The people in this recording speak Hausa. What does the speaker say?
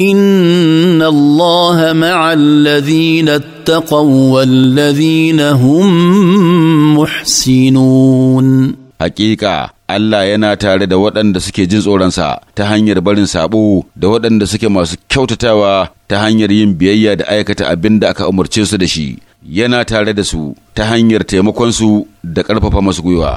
ان الله مع الذين اتقوا والذين هم محسنون حقيقه Allah yana tare da waɗanda suke jin tsoronsa ta hanyar barin saɓo da waɗanda suke masu kyautatawa ta hanyar yin biyayya da aikata abin da aka umarce su da shi, yana tare da su ta hanyar taimakonsu da ƙarfafa masu gwiwa.